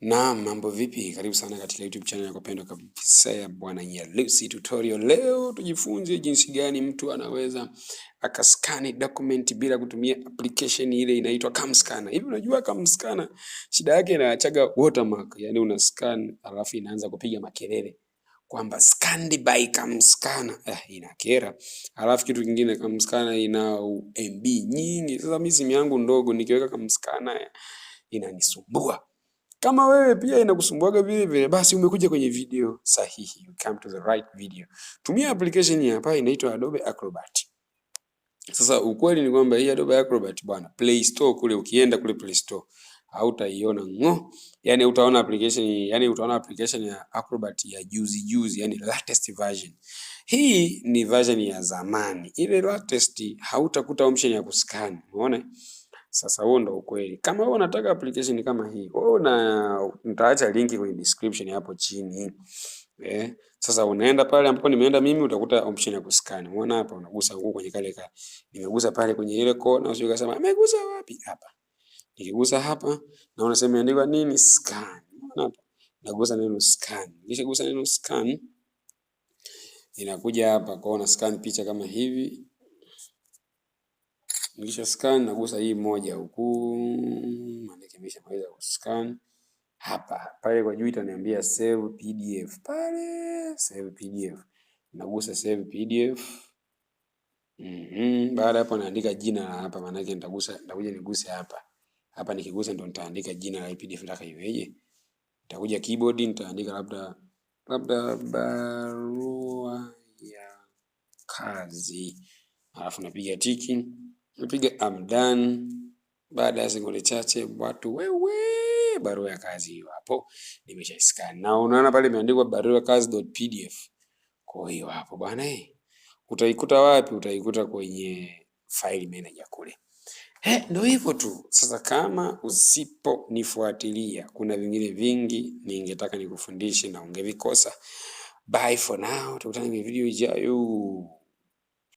Naam, mambo vipi? Karibu sana katika YouTube channel yako pendwa kabisa ya Bwana Nyalusi Tutorial. Leo tujifunze jinsi gani mtu anaweza akaskani document bila kutumia application ile inaitwa Camscanner. Hivi unajua Camscanner shida yake inaachaga watermark, yani una scan alafu inaanza kupiga makelele kwamba scanned by Camscanner. Eh, inakera. Alafu kitu kingine Camscanner ina MB nyingi. Sasa mimi simu yangu ndogo nikiweka Camscanner inanisumbua. Kama wewe pia inakusumbuaga vile vile, basi umekuja kwenye video sahihi. You come to the right video. Tumia application hii hapa inaitwa Adobe Acrobat. Sasa ukweli ni kwamba hii Adobe Acrobat bwana, Play Store kule, ukienda kule Play Store hautaiona ngo, yani utaona application, yani utaona application ya Acrobat ya juzi juzi, yani latest version. Hii ni version ya zamani, ile latest hautakuta option ya kuscan, umeona? Sasa huo ndo ukweli. Kama wewe unataka application kama hii, wewe una nitaacha link kwenye description hapo chini. Eh, sasa unaenda pale ambapo nimeenda mimi utakuta option ya kuscan. Unaona hapa unagusa huko kwenye kale ka nimegusa pale kwenye ile kona usije ukasema amegusa wapi hapa. Nikigusa hapa na unasema imeandikwa nini scan. Unaona hapa. Nagusa neno scan. Kisha neno scan. Inakuja hapa kwa una scan picha kama hivi. Nikisha scan nagusa hii moja huku, maanake nimeshamaliza kuscan hapa. Pale kwa juu itaniambia save PDF, pale save PDF nagusa save PDF. Mm -hmm. Baada hapo naandika jina la hapa, maanake nitagusa, nitakuja niguse hapa hapa, nikigusa ndo nitaandika jina la PDF nataka iweje. Nitakuja keyboard, nitaandika labda labda barua ya kazi, alafu napiga tiki. Napiga I'm done. Baada ya sekunde chache, watu wewe, barua ya kazi hiyo hapo nimesha scan, na unaona pale imeandikwa barua kazi.pdf. Kwa hiyo hapo bwana, eh. utaikuta wapi? Utaikuta kwenye file manager kule. He, eh, ndo hivyo tu. Sasa kama usiponifuatilia, kuna vingine vingi ningetaka nikufundishe na ungevikosa. Bye for now, tukutane kwenye video ijayo.